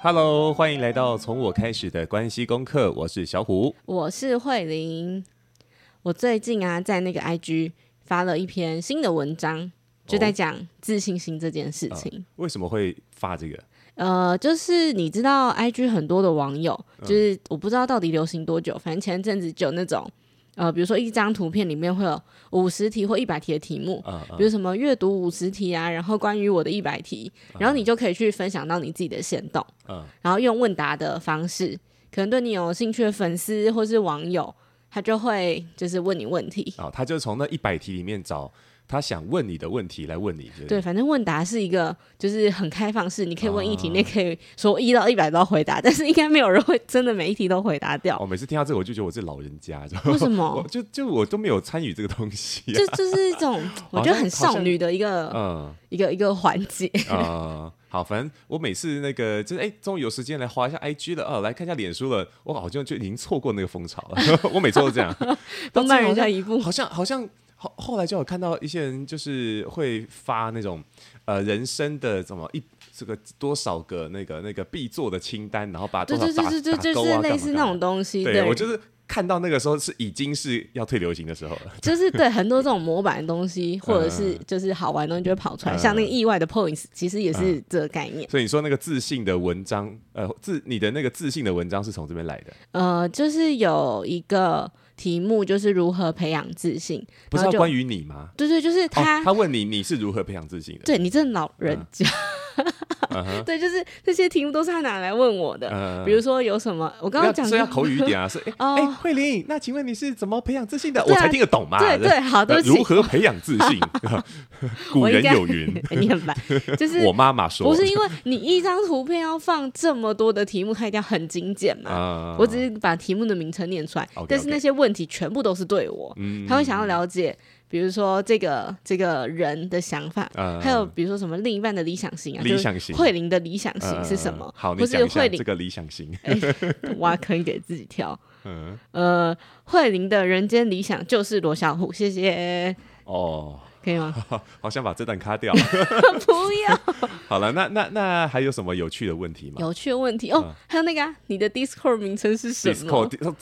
Hello，歡迎來到從我開始的關係功課。我是小虎，我是慧玲。我最近啊，在那個 IG 發了一篇新的文章，就在講自信心這件事情。哦。呃，為什麼會發這個？呃，就是你知道 IG 很多的網友，就是我不知道到底流行多久，反正前一陣子就有那種。呃，比如說一張圖片裡面會有五十題或一百題的題目，嗯嗯、比如什麼閱讀五十題啊，然後關於我的一百題，嗯、然後你就可以去分享到你自己的限動，嗯，然後用問答的方式，可能對你有興趣的粉絲或是網友，他就會就是問你問題，哦、他就從那一百題裡面找。他想問你的問題來問你，對，反正問答是一個，就是很開放式，你可以問一題，你可以說一到一百道回答，uh, 但是應該沒有人會真的每一題都回答掉、哦。每次聽到這個我就覺得我是老人家，為什麼？就就我都沒有參與這個東西，啊就，就就是一種我覺得很少女的一個，嗯一個，一個一個環節啊。好，反正我每次那個就是哎、欸，終於有時間來滑一下 IG 了，哦，來看一下臉書了。我好像就已經錯過那個風潮了。 我每次都這樣， 都慢人家一步，好像好像。好像好像後後來就有看到一些人就是會發那種呃，人生的什麼一這個多少個那個那個必做的清單，然後把多少打打勾啊，對吧？類似那種東西。對，對我就是看到那個時候是已經是要退流行的時候了。就是對 很多這種模板的東西，或者是就是好玩的東西就會跑出來，嗯、像那個意外的 points，其實也是這個概念、嗯嗯。所以你說那個自信的文章，呃，自你的那個自信的文章是從這邊來的？呃，就是有一個。題目就是如何培養自信，不是要關於你嗎？對對，就是他、哦，他問你你是如何培養自信的？對你這老人家、啊。 對，就是這些題目都是他拿來問我的。比如說有什麼，我剛剛講說要口語一點啊，說哎，慧玲，那請問你是怎麼培養自信的？我才聽得懂嗎？對對，好的。如何培養自信？古人有云，你很白，就是我媽媽說，不是因為你一張圖片要放這麼多的題目，它一定要很精簡嘛。我只是把題目的名稱念出來，但是那些問題全部都是對我，他會想要了解。比如說這個這個人的想法，呃、還有比如說什麼另一半的理想型啊，理想型，慧玲的理想型是什麼？不、呃、是講一下這個理想型。挖 坑、欸、給自己跳。嗯，呃，慧玲的人間理想就是羅小虎，謝謝哦。可以嗎？好，好想把這段卡掉。 不要。 好了，那那那還有什麼有趣的問題嗎？有趣的問題哦，嗯、還有那個、啊，你的 Discord 名稱是什麼？Discord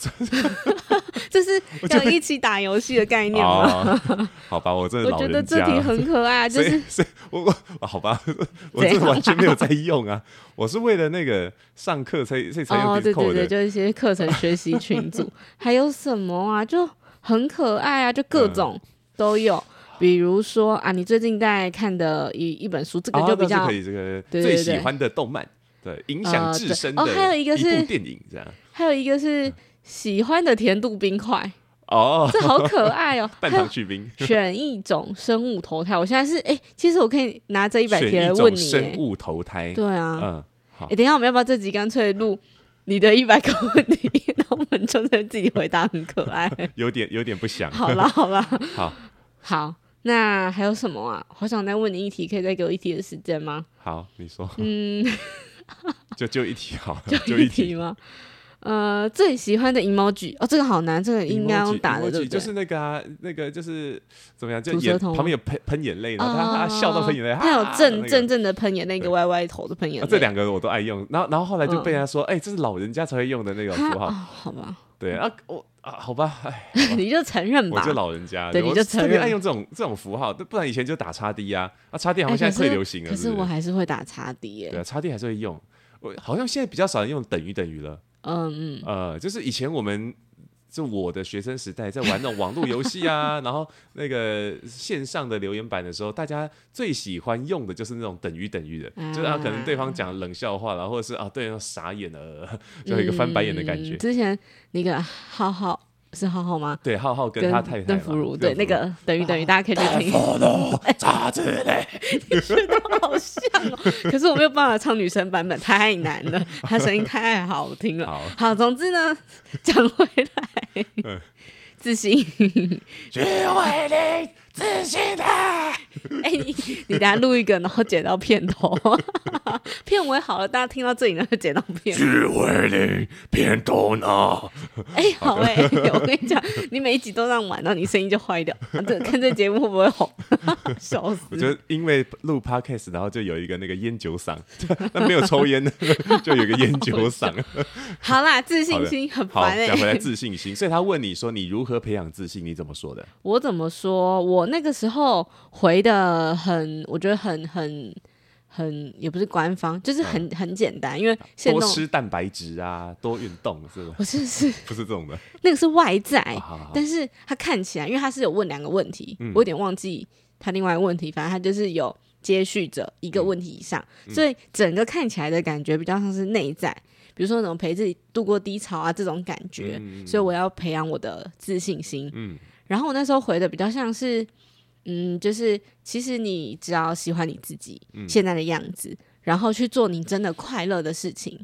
就 是想一起打遊戲的概念嗎？哦、好吧，我這我覺得這題很可愛，就是我我好吧，我這完全沒有在用啊，啊我是為了那個上課才才才用的、哦。對對對，就一些課程學習群組。 還有什麼啊？就很可愛啊，就各種都有。嗯比如說啊，你最近在看的一一本書，這個就比較可以。最喜歡的動漫，對，影響自身。哦，還有一個是電影這樣。還有一個是喜歡的甜度冰塊哦，這好可愛哦，半糖去冰。選一種生物投胎，我現在是哎，其實我可以拿這一百題來問你。生物投胎，對啊，嗯，好，哎，等下我們要不要這集乾脆錄你的一百個問題？那我們就在自己回答，很可愛。有點有點不想，好了好了，好好。那還有什麼啊？好想再問你一題，可以再給我一題的時間嗎？好，你說。嗯，就就一題好了，就一題嗎？呃，最喜歡的 emoji 哦，這個好難，這個應該用打的就是那個啊，那個就是怎麼樣？就眼旁邊有噴噴眼淚然後他他笑到噴眼淚，他有正正正的噴眼淚，一個歪歪頭的噴眼淚，這兩個我都愛用。然後然後後來就被他說，哎，這是老人家才會用的那種符號。好吧。對，啊，我。啊，好吧，好吧 你就承認吧，我就老人家，對，對你就承認，我特別愛用這種這種符號，不然以前就打叉 d 啊。啊，叉 d 好像現在最、欸、流行了是是，可是我還是會打叉 d 耶、欸，對，叉 d 還是會用，我好像現在比較少人用等於等於了，嗯嗯，嗯呃，就是以前我們。就我的學生時代，在玩那種網絡遊戲啊， 然後那個線上的留言板的時候，大家最喜歡用的就是那種等於等於的，就是啊，可能對方講冷笑話，然後或者是啊，對方傻眼了，就有一個翻白眼的感覺。嗯，之前那個 HowHow。是浩浩嗎？對，浩浩跟他太太鄧福如，對，那個等於等於、啊、大家可以去聽。哎，叉子嘞，真的好像哦。可是我沒有辦法唱女生版本，太難了，她聲 音太好聽了。好，好，總之呢，講回來，嗯、自信，因為你。自信的、啊，哎、欸，你你等下錄一個，然後剪到片頭、 片尾好了，大家聽到這裡呢、那個，剪到片尾片頭呢。哎、欸，好哎、欸的欸，我跟你講，你每一集都這樣玩，然後你聲音就壞掉。這個、 看這節目會不會紅？笑死！我覺得因為錄 podcast，然後就有一個那個煙酒嗓，那沒有抽煙的， 就有個煙酒嗓，好。好啦，自信心的很煩、欸。講回來自信心，所以他問你說你如何培養自信？你怎麼說的？我怎麼說我？那個時候回的很，我覺得很很很，也不是官方，就是很很簡單，因為現在多吃蛋白質啊，多運動這種，是不是 不是這種的， 那個是外在，好好好，但是他看起來，因為他是有問兩個問題，嗯、我有點忘記他另外一個問題，反正他就是有接續着一個問題以上，嗯、所以整個看起來的感覺比較像是內在，嗯、比如說能陪自己度過低潮啊這種感覺，嗯、所以我要培養我的自信心，嗯。然後我那時候回的比較像是，嗯，就是其實你只要喜歡你自己現在的樣子，嗯、然後去做你真的快樂的事情，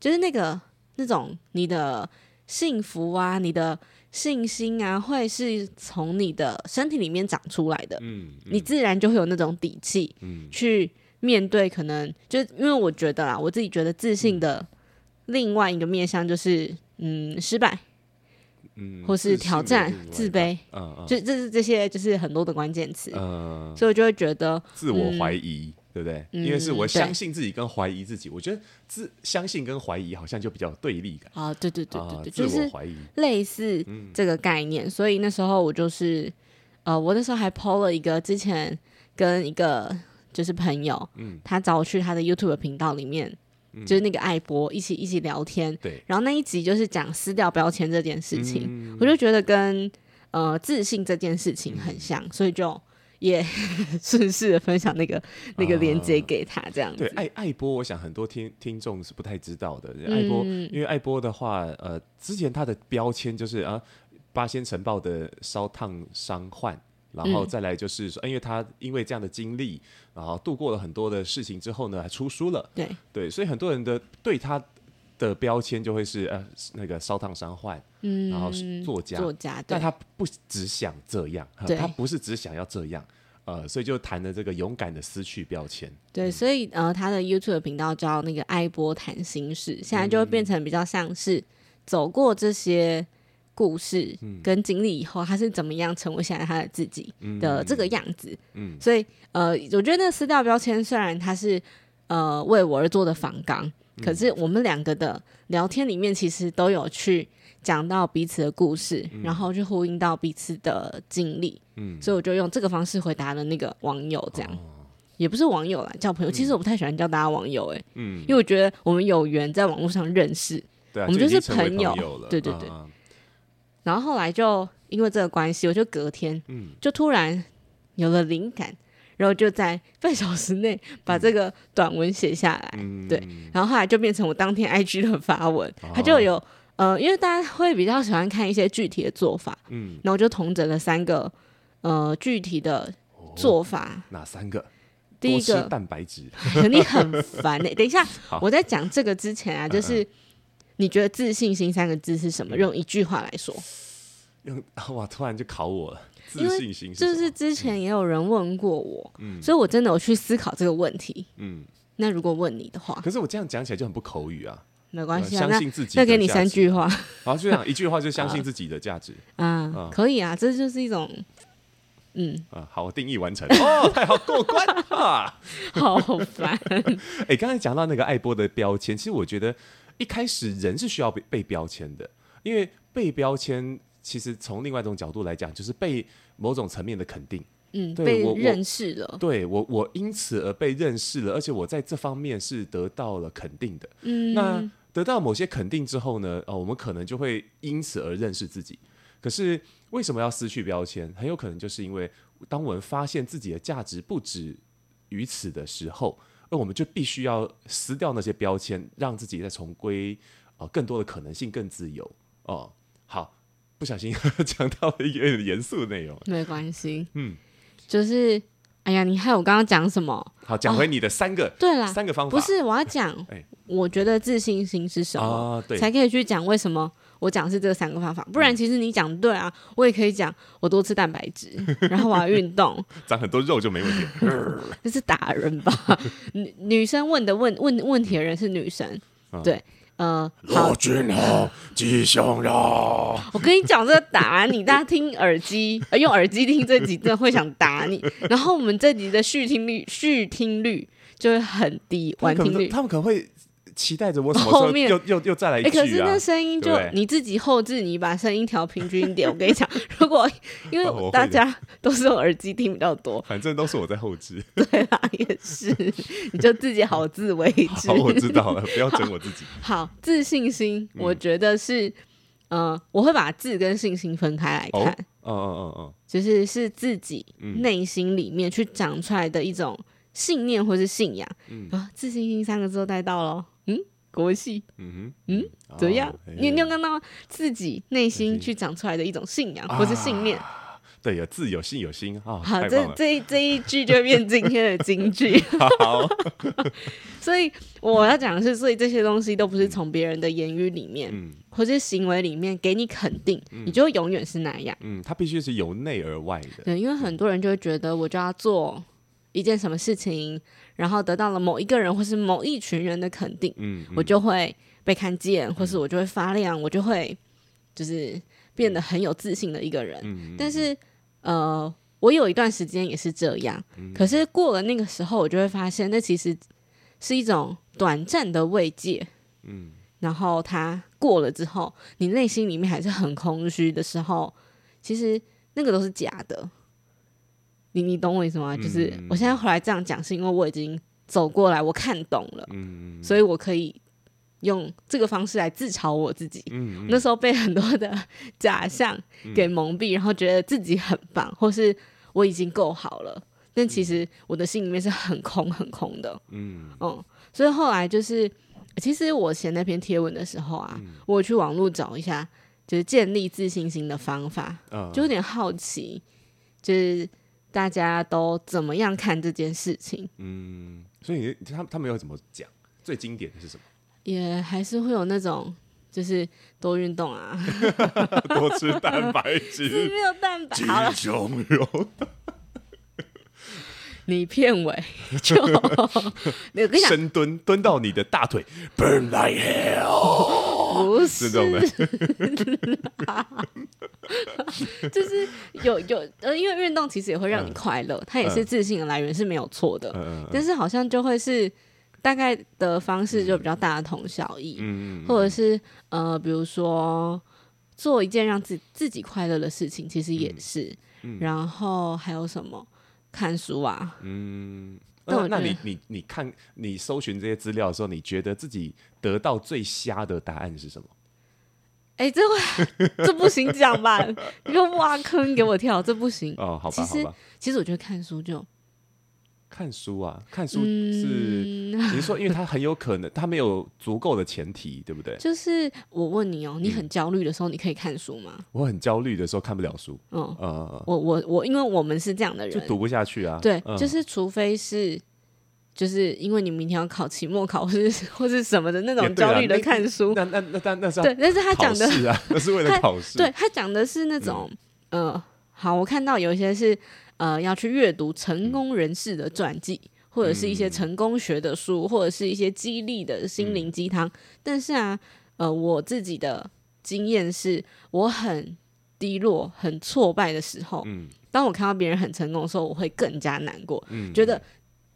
就是那個那種你的幸福啊，你的信心啊，會是從你的身體裡面長出來的。嗯嗯、你自然就會有那種底氣去面對，可能就因為我覺得啦，我自己覺得自信的另外一個面向就是，嗯，失敗。嗯，或是挑戰、自卑，嗯，就這是這些，就是很多的關鍵詞，嗯，所以我就會覺得自我懷疑，對不對？因為是我相信自己跟懷疑自己，我覺得自相信跟懷疑好像就比較對立感。啊，對對對對對，就是類似這個概念。所以那時候我就是，呃，我那時候還 PO 了一個之前跟一個就是朋友，他找我去他的 YouTube 頻道裡面。就是那個愛波一起一起聊天，對、嗯，然後那一集就是講撕掉標籤這件事情，嗯、我就覺得跟呃自信這件事情很像，嗯、所以就也順勢分享那個、呃、那個連接給他，這樣子。對，愛、愛波我想很多聽聽眾是不太知道的，愛波、嗯，因為愛波的話，呃，之前他的標籤就是啊、呃，八仙塵爆的燒燙傷患。然後再來就是說，嗯、因為他因為這樣的經歷，然後度過了很多的事情之後呢，還出書了。對對，所以很多人的對他的標籤就會是呃那個燒燙傷患，嗯、然後作家作家，對，但他不只想這樣，呃、對他不是只想要這樣，呃，所以就談了這個勇敢的撕去標籤。對，嗯、所以呃，他的 YouTube 頻道叫那個愛波談心事，現在就會變成比較像是走過這些故事跟經歷以後，他是怎麼樣成為現在他的自己的這個樣子？所以呃，我覺得那個撕掉標籤，雖然他是呃為我而做的訪綱，可是我們兩個的聊天裡面，其實都有去講到彼此的故事，然後去呼應到彼此的經歷。所以我就用這個方式回答了那個網友，這樣也不是網友啦，叫朋友。其實我不太喜歡叫大家網友，哎，因為我覺得我們有緣在網絡上認識，我們就是朋友。對對對。然後後來就因為這個關係，我就隔天就突然有了靈感，嗯、然後就在半小時內把這個短文寫下來。嗯、對，然後後來就變成我當天 I G 的發文。他、哦、就有呃，因為大家會比較喜歡看一些具體的做法，嗯、然後我就統整了三個呃具體的做法。哦、哪三個？第一個蛋白質肯定很煩、欸。 等一下，好我在講這個之前啊，就是你覺得自信心三個字是什麼？嗯、用一句話來說。哇！突然就考我了，自信心是。就是之前也有人問過我，嗯，所以我真的有去思考這個問題，嗯。那如果問你的話，可是我這樣講起來就很不口語啊，沒關係啊，相信自己。再給你三句話，好就這樣，一句話就相信自己的價值啊，可以啊，這就是一種，嗯，啊，好，我定義完成哦，太好過關啊，好煩。哎，剛才講到那個愛波的標籤，其實我覺得一開始人是需要被被標籤的，因為被標籤。其實從另外一種角度來講，就是被某種層面的肯定，嗯，對被我認識了，我對我我因此而被認識了，而且我在這方面是得到了肯定的。嗯，那得到某些肯定之後呢，哦，我們可能就會因此而認識自己。可是為什麼要撕去標籤？很有可能就是因為當我們發現自己的價值不止於此的時候，那我們就必須要撕掉那些標籤，讓自己再重歸、哦、更多的可能性，更自由。哦，好。不小心講到了一點嚴肅的內容，沒關係。嗯，就是，哎呀，你害我剛剛講什麼？好，講回你的三個，對啦，三個方法。不是，我要講，我覺得自信心是什麼，才可以去講為什麼我講的是這三個方法。不然，其實你講對啊，我也可以講，我多吃蛋白質，然後我要運動，長很多肉就沒問題。這是打人吧？女女生問的問問問題的人是女生，對。嗯、呃，好。君好，吉祥繞。我跟你講，這個打你，大家聽耳機， 用耳機聽這集，真的會想打你。然後我們這集的續聽率，續聽率就會很低，完聽率。他們可能會。期待着我什麼後面又又又再來一次，啊欸？可是那聲音就對對你自己後製，你把聲音調平均一點。我跟你講，如果因為大家都是用耳機聽比較多，哦、反正都是我在後製。對啦，也是， 你就自己好自為之。 好，我知道了，不要整我自己。好，好，自信心，嗯、我覺得是，嗯、呃，我會把自跟信心分開來看。哦哦哦哦，就是是自己內心裡面去長出來的一種信念或是信仰啊、嗯哦，自信心三個字都帶到了。嗯，國係，嗯哼嗯，怎麼樣？哦、你你有沒有看到自己內心去長出來的一種信仰或是信念，啊、對，有自有信有心、哦、好，這這這一句就變今天的金句。 好，好， 所以我要講的是，所以這些東西都不是從別人的言語裡面，嗯、或是行為裡面給你肯定，嗯、你就永遠是那樣。嗯，它必須是由內而外的。對，因為很多人就會覺得，我就要做。一件什麼事情，然後得到了某一個人或是某一群人的肯定，嗯嗯、我就會被看見，或是我就會發亮，嗯、我就會就是變得很有自信的一個人。嗯嗯嗯、但是，呃，我有一段時間也是這樣，嗯、可是過了那個時候，我就會發現，那其實是一種短暫的慰藉，嗯，然後它過了之後，你內心裡面還是很空虛的時候，其實那個都是假的。你你懂我意思嗎？嗯、就是我現在回來這樣講，是因為我已經走過來，我看懂了，嗯、所以我可以用這個方式來自嘲我自己。嗯嗯、那時候被很多的假象給蒙蔽，嗯、然後覺得自己很棒，或是我已經夠好了，但其實我的心裡面是很空很空的，嗯嗯，所以後來就是，其實我寫那篇貼文的時候啊，我去網絡找一下，就是建立自信心的方法，嗯、就有點好奇，就是。大家都怎麼樣看這件事情？嗯，所以他他沒有怎麼講，最經典的是什麼？也還是會有那種，就是多運動啊， 多吃蛋白質，沒有蛋白，好胸有。 你片尾就， 你我跟你講，深蹲蹲到你的大腿，burn like hell。哇不是，動的 就是有有呃，因為運動其實也會讓你快樂，嗯、它也是自信的來源、嗯、是沒有錯的。嗯、但是好像就會是大概的方式就比較大同小異。嗯嗯嗯、或者是呃，比如說做一件讓自自己快樂的事情，其實也是。嗯嗯、然後還有什麼？看書啊。嗯。嗯、對那那你你你看你搜尋這些資料的時候，你覺得自己得到最瞎的答案是什麼？哎、欸，這會這不行講吧， 你又挖坑給我跳，這不行哦。好吧，其實好吧其實我覺得看書就。看書啊，看書是只是說，因為他很有可能他沒有足夠的前提，對不對？就是我問你哦，你很焦慮的時候，你可以看書嗎？我很焦慮的時候看不了書。嗯呃，我我我，因為我們是這樣的人，就讀不下去啊。對，就是除非是，就是因為你明天要考期末考試或是什麼的那種焦慮的看書。那那那那那是對，那是他講的是啊，那是為了考試。對，他講的是那種，嗯，好，我看到有一些是。呃，要去閱讀成功人士的傳記，嗯、或者是一些成功學的書，或者是一些激勵的心靈雞湯。嗯、但是啊，呃，我自己的經驗是，我很低落、很挫敗的時候，嗯、當我看到別人很成功的時候，我會更加難過，嗯、覺得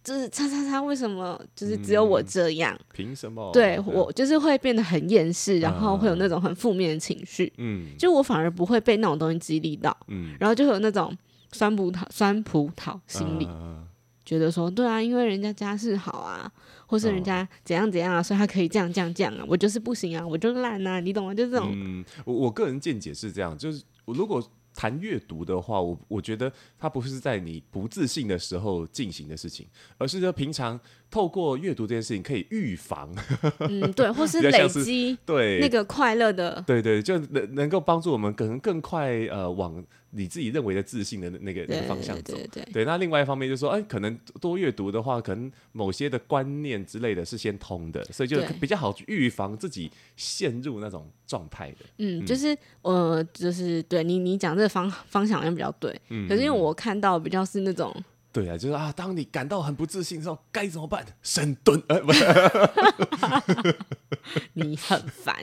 就是叉叉叉，為什麼就是只有我這樣？憑、嗯、什麼？對，對我就是會變得很厭世，然後會有那種很負面的情緒。嗯，就我反而不會被那種東西激勵到。嗯、然後就會有那種。酸葡萄酸葡萄心理，啊、覺得說對啊，因為人家家世好啊，或是人家怎樣怎樣啊，哦、所以他可以這樣這樣這樣啊，我就是不行啊，我就爛啊，你懂嗎？就這種。嗯，我我個人見解是這樣，就是我如果談閱讀的話，我我覺得它不是在你不自信的時候進行的事情，而是說平常。透過閱讀這件事情，可以預防，嗯，對，或是累積， 對那個快樂的，對，對對，就能能夠幫助我們可能更快呃，往你自己認為的自信的那個那個方向走，對對對、對、對。那另外一方面就是說，哎、欸，可能多閱讀的話，可能某些的觀念之類的是先通的，所以就比較好預防自己陷入那種狀態的。對 嗯，就是呃，就是對你你講這個方方向好像比較對，嗯、可是因為我看到比較是那種。對啊，就是啊，當你感到很不自信的時候，該怎麼辦？深蹲。呃、哎，不是， 你很煩，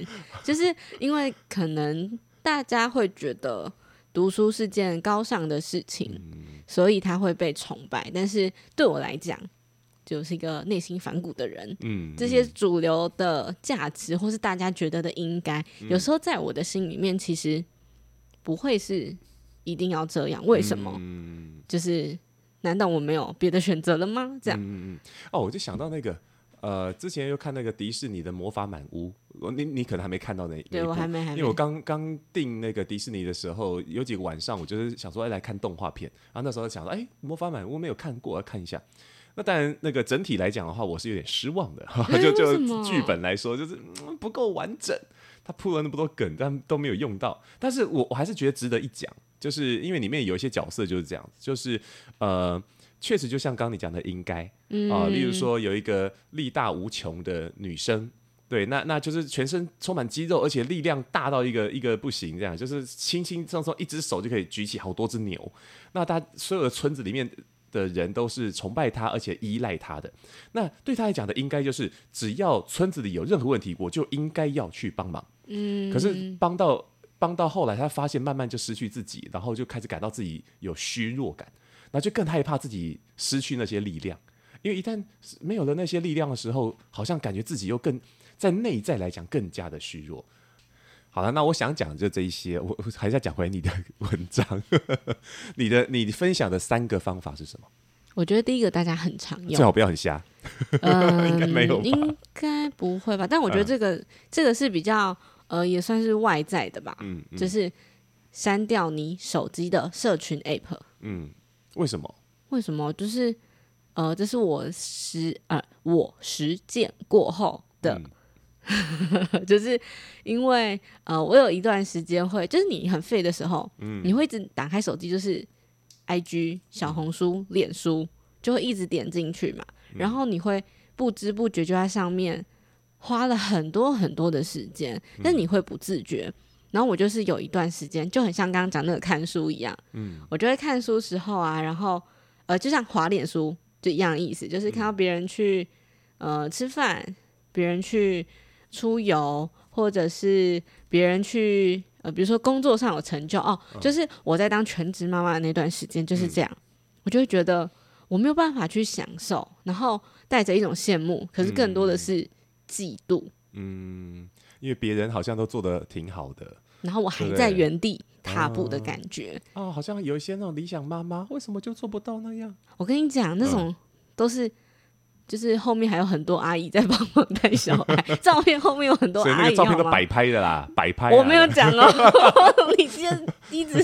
就是因為可能大家會覺得讀書是件高尚的事情，嗯、所以它會被崇拜。但是對我來講，就是一個內心反骨的人。嗯、這些主流的價值或是大家覺得的應該，嗯、有時候在我的心裡面，其實不會是一定要這樣。為什麼？嗯、就是。難道我沒有別的選擇了嗎？這樣，嗯嗯哦，我就想到那個，呃，之前又看那個迪士尼的《魔法滿屋》，我你你可能還沒看到那，對，我還沒，還沒因為我剛剛訂那個迪士尼的時候，有幾個晚上我就是想說要來，來看動畫片，然、啊、後那時候就想說，哎，《魔法滿屋》沒有看過，要看一下。那當然，那個整體來講的話，我是有點失望的，哈哈誒就就劇本來說，就是、嗯、不夠完整，他鋪了那麼多梗，但都沒有用到。但是我我還是覺得值得一講。就是因為裡面有一些角色就是這樣子，就是呃，確實就像剛剛你講的，應該啊、呃，例如說有一個力大無窮的女生，對，那那就是全身充滿肌肉，而且力量大到一個一個不行，這樣就是輕輕鬆鬆一隻手就可以舉起好多隻牛。那他所有的村子裡面的人都是崇拜他，而且依賴他的。那對他來講的，應該就是只要村子裡有任何問題，我就應該要去幫忙。嗯，可是幫到。幫到後來，他發現慢慢就失去自己，然後就開始感到自己有虛弱感，那就更害怕自己失去那些力量，因為一旦沒有了那些力量的時候，好像感覺自己又更在內在來講更加的虛弱。好了，那我想講就這一些，我，我還是要講回你的文章， 你的你分享的三個方法是什麼？我覺得第一個大家很常用，最好不要很瞎。嗯、 應該沒有，應該不會吧？但我覺得這個、嗯、這個是比較。呃，也算是外在的吧，嗯嗯、就是刪掉你手機的社群 App。嗯，為什麼？為什麼、就是呃，就是呃，這是我實呃我實踐過後的，嗯、 就是因為呃，我有一段時間會，就是你很廢的時候，嗯、你會一直打開手機，就是 IG、小紅書、嗯、臉書，就會一直點進去嘛，嗯、然後你會不知不覺就在上面。花了很多很多的時間，但你會不自覺。嗯、然後我就是有一段時間，就很像剛剛講那個看書一樣，嗯，我就會看書時候啊，然後呃，就像滑臉書就一樣的意思，就是看到別人去呃吃飯，別人去出遊，或者是別人去呃，比如說工作上有成就哦，就是我在當全職媽媽的那段時間就是這樣，嗯、我就會覺得我沒有辦法去享受，然後帶着一種羨慕，可是更多的是。嗯嫉妒，嗯，因為別人好像都做得挺好的，然後我還在原地踏步的感覺，哦，哦，好像有一些那種理想媽媽，為什麼就做不到那樣？我跟你講，那種都是，嗯。就是後面還有很多阿姨在幫我帶小孩，照片後面有很多阿姨都擺 拍的啦，擺拍、啊。我沒有講哦、喔， 你在一直一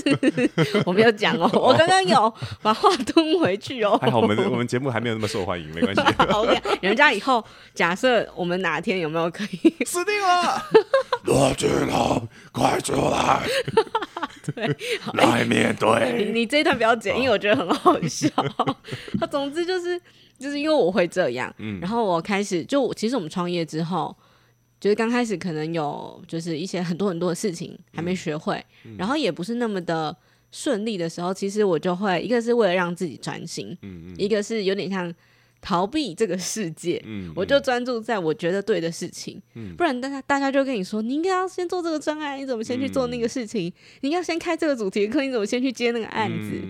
直我沒有講哦、喔，我剛剛有把話吞回去哦、喔。還好我們我們節目還沒有那麼受歡迎，沒關係。 OK，人家以後假設我們哪天有沒有可以 死定了？羅俊 快出來！ 對，來面對 你,你這一段不要剪，因為我覺得很好笑。他 總之就是。就是因為我會這樣，嗯、然後我開始就其實我們創業之後，就是剛開始可能有就是一些很多很多的事情還沒學會，嗯嗯、然後也不是那麼的順利的時候，其實我就會一個是為了讓自己專心，嗯嗯、一個是有點像。逃避這個世界，我就專注在我覺得對的事情，不然大家大家就跟你說，你應該要先做這個專案，你怎麼先去做那個事情？你應該要先開這個主題課，你怎麼先去接那個案子？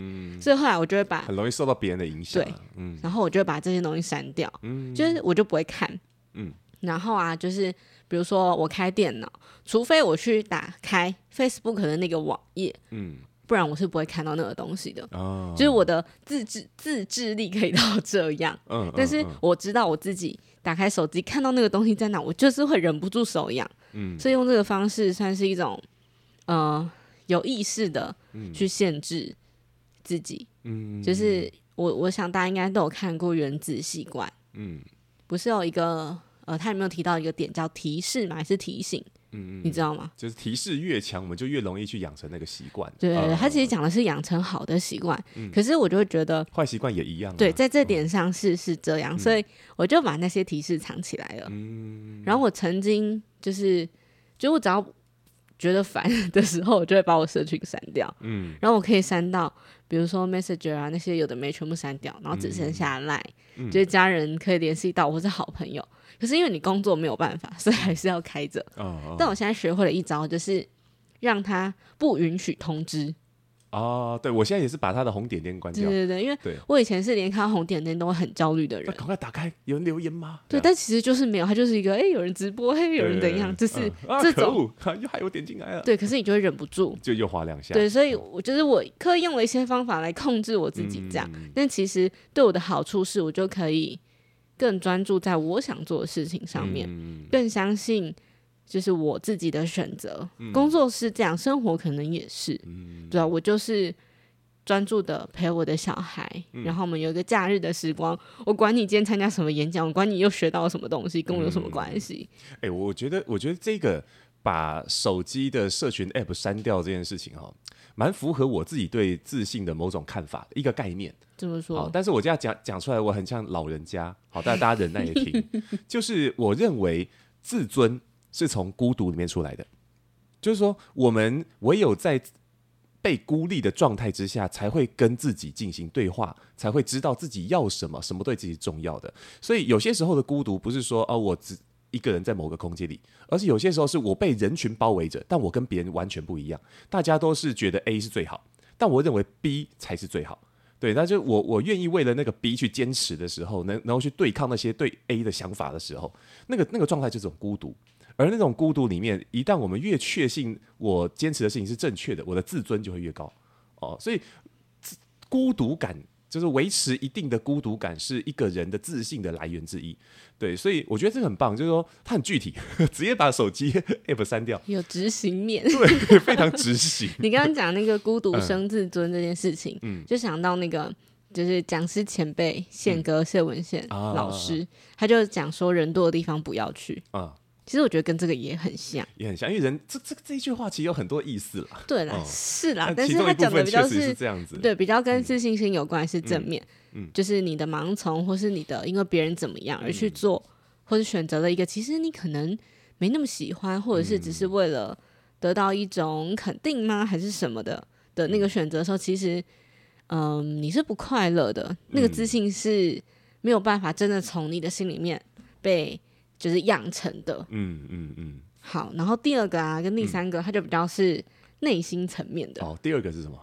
所以後來我就會把很容易受到別人的影響，對，然後我就會把這些東西刪掉，就是我就不會看，嗯，然後啊，就是比如說我開電腦，除非我去打開 Facebook 的那個網頁，不然我是不會看到那個東西的，oh. 就是我的自制自制力可以到這樣，uh, uh, uh. 但是我知道我自己打開手機看到那個東西在哪，我就是會忍不住手癢，嗯，所以用這個方式算是一種呃有意識的去限制自己，嗯，就是我我想大家應該都有看過《原子習慣》，嗯，不是有一個呃，他有沒有提到一個點叫提示嘛，還是提醒？嗯、你知道嗎？就是提示越強，我們就越容易去養成那個習慣。對，呃、他其實講的是養成好的習慣。嗯、可是我就會覺得，壞習慣也一樣、啊。對，在這點上是是這樣，嗯、所以我就把那些提示藏起來了。嗯、然後我曾經就是，就我只要覺得煩的時候，我就會把我社群刪掉。嗯，然後我可以刪到。比如說 Messenger 啊，那些有的沒，全部刪掉，然後只剩下 Line，、嗯、就是家人可以聯繫到，或是好朋友。嗯、可是因為你工作沒有辦法，所以還是要開着。哦哦，但我現在學會了一招，就是讓他不允許通知。哦，對，我現在也是把他的紅點點關掉。對對對，因為對我以前是連看紅點點都會很焦慮的人。那趕快打開，有人留言嗎？對，但其實就是沒有，他就是一個，哎，有人直播，嘿、哎，有人怎樣，對對對對就是、嗯啊、這種。可惡，又還有點進來了。對，可是你就會忍不住，就又滑兩下。對，所以我就是我刻意用了一些方法來控制我自己，這樣。嗯、但其實對我的好處是我就可以更專注在我想做的事情上面，嗯、更相信。就是我自己的選擇，工作是這樣，嗯、生活可能也是，嗯、對吧、啊，我就是專注的陪我的小孩，嗯、然後我們有一個假日的時光，我管你今天參加什麼演講，我管你又學到什麼東西，跟我有什麼關係？哎、嗯，欸，我覺得，我覺得這個把手機的社群 App 刪掉這件事情，哦，蠻符合我自己對自信的某種看法的一個概念。怎麼說好？但是我這樣講，講出來，我很像老人家，好，大家忍耐也聽， 就是我認為自尊，是從孤獨裡面出來的，就是說，我們唯有在被孤立的狀態之下，才會跟自己進行對話，才會知道自己要什麼，什麼對自己重要的。所以，有些時候的孤獨不是說哦、啊，我只一個人在某個空間裡，而是有些時候是我被人群包圍着，但我跟別人完全不一樣。大家都是覺得 A 是最好，但我認為 B 才是最好。對，那就我我願意為了那個 B 去堅持的時候，能然後去對抗那些對 A 的想法的時候，那個那個狀態就是種孤獨。而那種孤獨裡面，一旦我們越確信我堅持的事情是正確的，我的自尊就會越高哦。所以自孤獨感就是維持一定的孤獨感，是一個人的自信的來源之一。對，所以我覺得這個很棒，就是說它很具體，直接把手機 App 刪掉，有執行面，對，非常執行。 你剛剛講那個孤獨生自尊這件事情，嗯，嗯就想到那個就是講師前輩憲哥謝文憲、嗯、老師，啊、他就講說人多的地方不要去啊。其實我覺得跟這個也很像，也很像，因為人這這這一句話其實有很多意思啦，對啦，哦、是啦，但是他講的比較是，是這樣子，對，比較跟自信心有關，嗯、是正面，嗯，嗯就是你的盲從，或是你的因為別人怎麼樣而去做，嗯、或者選擇了一個，其實你可能沒那麼喜歡，或者是只是為了得到一種肯定嗎，還是什麼的的那個選擇的時候，其實，嗯、呃，你是不快樂的，嗯、那個自信是沒有辦法真的從你的心裡面被。就是養成的，嗯嗯嗯，好，然後第二個啊，跟第三個，他就比較是內心層面的。哦，第二個是什麼？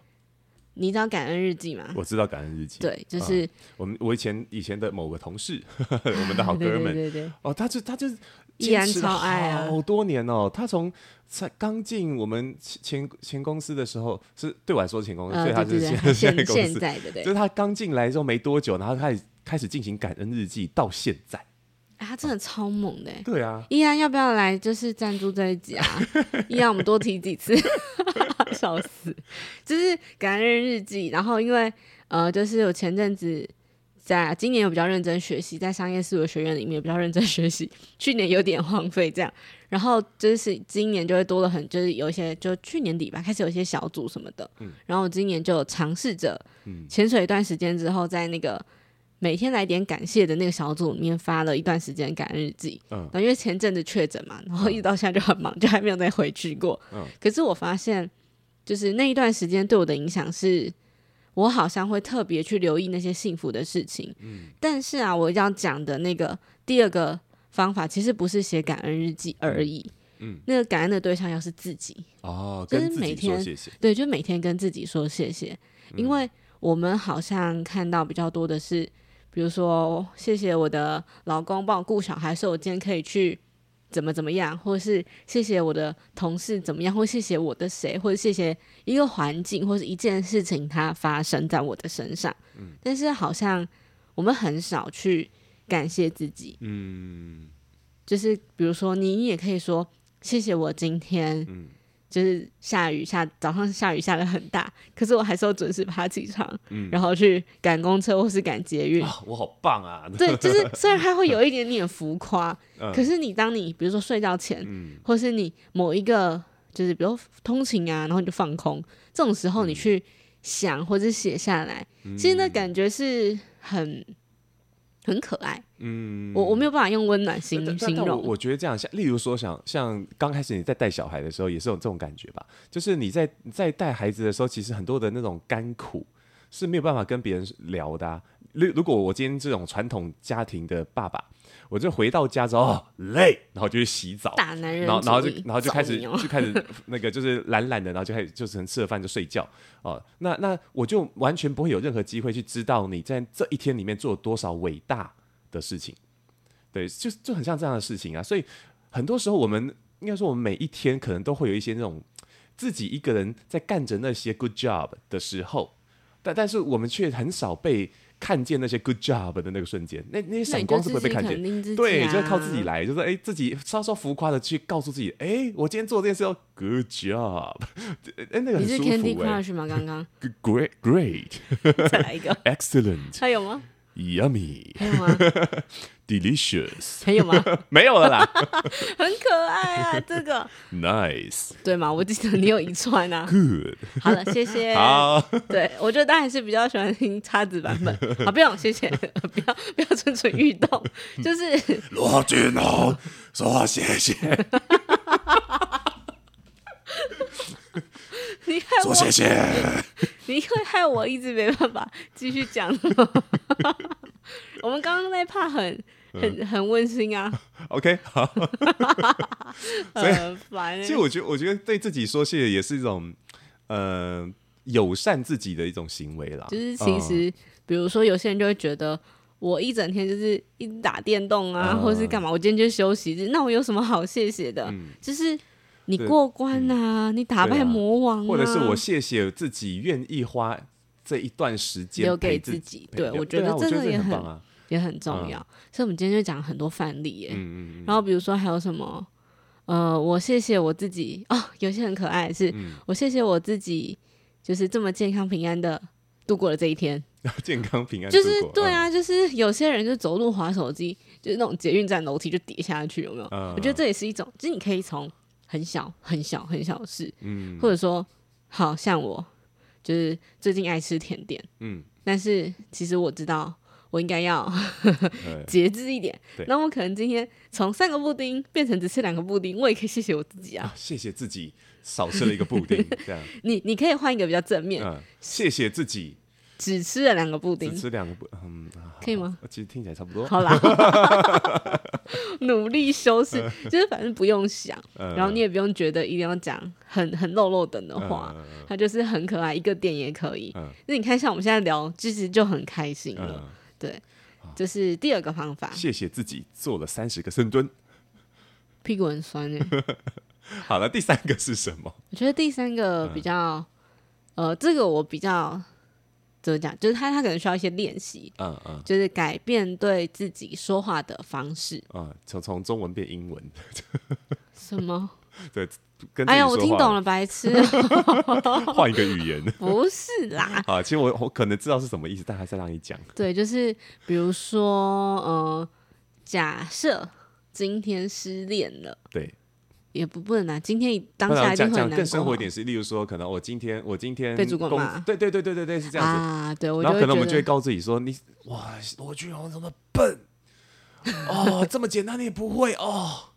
你知道感恩日記嗎？我知道感恩日記，對，就是我們我以前以前的某個同事，我們的好哥們，哦，他就他就是依然超愛。好多年哦。他從才剛進我們前前公司的時候，是對我來說是前公司，所以他是現在的對？就是他剛進來之後沒多久，然後開始開始進行感恩日記，到現在。啊、他真的超猛的，對啊，依然要不要來？就是贊助這一集啊， 依然我們多提幾次，哈哈哈，笑死！就是感恩日記，然後因為呃，就是我前陣子在今年有比較認真學習，在商業思維學院裡面有比較認真學習，去年有點荒廢這樣，然後就是今年就會多了很，就是有一些就去年底吧，開始有一些小組什麼的，然後我今年就嘗試着潛水一段時間之後，在那個。每天來點感謝的那個小組裡面發了一段時間感恩日記，嗯，因為前陣子確診嘛，然後一直到現在就很忙，嗯，就還沒有再回去過。嗯，可是我發現，就是那一段時間對我的影響是，我好像會特別去留意那些幸福的事情。嗯，但是啊，我要講的那個第二個方法其實不是寫感恩日記而已。嗯，嗯，那個感恩的對象要是自己哦，跟每天跟自己說謝謝對，就每天跟自己說謝謝，嗯，因為我們好像看到比較多的是。比如說，謝謝我的老公幫我顧小孩，說我今天可以去怎麼怎麼樣，或是謝謝我的同事怎麼樣，或謝謝我的誰，或者謝謝一個環境或者一件事情它發生在我的身上。嗯，但是好像我們很少去感謝自己。嗯，就是比如說，你也可以說謝謝我今天。嗯。就是下雨下早上下雨下的很大，可是我還是要準時爬起床，嗯、然後去趕公車或是趕捷運。我好棒啊！對，就是雖然它會有一點點浮誇， 可是你當你比如說睡覺前，嗯、或是你某一個就是比如說通勤啊，然後你就放空這種時候，你去想或者寫下來，嗯、其實那感覺是很。很可愛，嗯，我我沒有辦法用溫暖形容。我我覺得這樣像，例如說想，像像剛開始你在帶小孩的時候，也是有這種感覺吧？就是你在在帶孩子的時候，其實很多的那種甘苦是沒有辦法跟別人聊的啊。如如果我今天這種傳統家庭的爸爸。我就回到家之後、哦，累，然後就去洗澡，然後然後就然後就開始你 就開始那個就是懶懶的，然後就開始就是吃了飯就睡覺哦。那那我就完全不會有任何機會去知道你在這一天裡面做了多少偉大的事情。對，就就很像這樣的事情啊。所以很多時候我們應該說，我們每一天可能都會有一些那種自己一個人在幹着那些 good job 的時候，但但是我們卻很少被。看見那些 good job 的那個瞬間，那那些閃光是不是被看見？啊、對，就是靠自己來，就是誒、欸，自己稍稍浮誇的去告訴自己，哎、欸，我今天做這件事要 good job。哎、欸，那個很舒服、欸、你是 Candy Crush 嗎？剛剛。Great, great，再來一個。Excellent。還有嗎？Yummy，還有嗎？Delicious，還有嗎？沒有了啦。 很可愛啊，這個。Nice，對嗎？我記得你有一串啊。Good，好了，謝謝。好，對，我覺得大家還是比較喜歡聽叉子版本。 好，不用，謝謝。 不要，不要蠢蠢欲動， 就是。羅俊宏，說謝謝。 你害我，謝謝。你會害我一直沒辦法繼續講。 我們剛剛那怕很很很溫馨啊。嗯、OK，好。 很、欸、很煩。其實我覺得，我覺得對自己說謝謝也是一種，呃，友善自己的一種行為啦。就是其實，嗯、比如說有些人就會覺得，我一整天就是一打電動啊，嗯、或者是幹嘛，我今天就休息，那我有什麼好謝謝的？嗯、就是。你過關吶，你打敗魔王。或者是我謝謝自己願意花這一段時間留給自己。對，我覺得真的也很也很重要。所以，我們今天就講很多範例耶。嗯嗯嗯。然後，比如說還有什麼？呃，我謝謝我自己。哦，有些很可愛的是，我謝謝我自己，就是這麼健康平安的度過了這一天。然後，健康平安就是對啊，就是有些人就走路滑手機，就是那種捷運站樓梯就跌下去，有沒有？我覺得這也是一種，就是你可以從。很小很小很小的事，嗯，或者說，好像我就是最近愛吃甜點，嗯，但是其實我知道我應該要節 制一點，嗯、對，那我可能今天從三個布丁變成只吃兩個布丁，我也可以謝謝我自己啊，啊謝謝自己少吃了一個布丁， 這樣，你你可以換一個比較正面，嗯、謝謝自己只吃了兩個布丁，只吃兩個布，嗯。可以嗎？其實聽起來差不多。好啦，努力修飾， 就是反正不用想，嗯、然後你也不用覺得一定要講很很肉肉等的話，嗯、它就是很可愛，一個點也可以。那、嗯、你看，像我們現在聊，其實就很開心了。嗯、對，這、就是第二個方法，謝謝自己做了三十個深蹲，屁股很酸耶、欸。 好了，第三個是什麼？我覺得第三個比較，嗯、呃，這個我比較。怎麼講？就是他，他可能需要一些練習、嗯，嗯嗯，就是改變對自己說話的方式，嗯，從從中文變英文， 什麼？對，跟說，哎呀，我聽懂了，白痴，換 一個語言，不是啦，啊，其實我我可能知道是什麼意思，但還是要讓你講。對，就是比如說，呃，假設今天失戀了，對。也不，不能拿今天當下就很難過講講更生活一點是，例如說，可能我今天我今天被主管對對對對對對是這樣子、啊、對、然後可能我們就會告自己說：“說你哇，羅俊宏這麼笨 哦，這麼簡單你也不會哦。”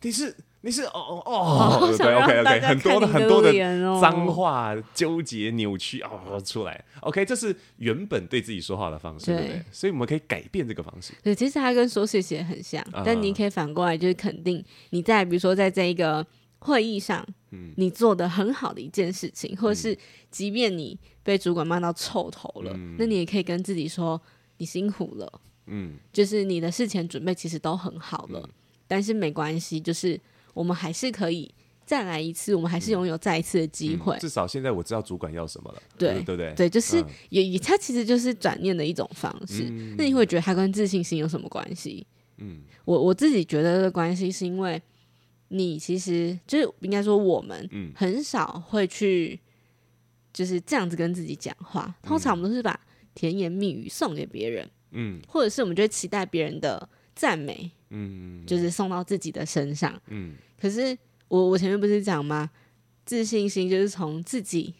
第四。你是哦哦，哦 oh, 對，OK、哦、OK，很多的很多的髒話糾結扭曲哦出來，OK，這是原本對自己說話的方式，對，對不對？所以我們可以改變這個方式。對，其實它跟說謝謝很像，啊、但你可以反過來就是肯定。你在比如說在這一個會議上，嗯，你做的很好的一件事情，或者是即便你被主管罵到臭頭了，嗯、那你也可以跟自己說你辛苦了，嗯，就是你的事前準備其實都很好了，嗯、但是沒關係，就是。我們還是可以再來一次，我們還是擁有再一次的機會、嗯嗯。至少現在我知道主管要什麼了，對，嗯、對對不對？對，就是也也，他、嗯、其實就是轉念的一種方式。那、嗯嗯嗯嗯、你會覺得他跟自信心有什麼關係？嗯，我我自己覺得的關係是因為你其實就是應該說，我們很少會去就是這樣子跟自己講話，嗯、通常我們都是把甜言蜜語送給別人，嗯，或者是我們就會期待別人的讚美。嗯，就是送到自己的身上。嗯，可是我我前面不是講嗎？自信心就是從自己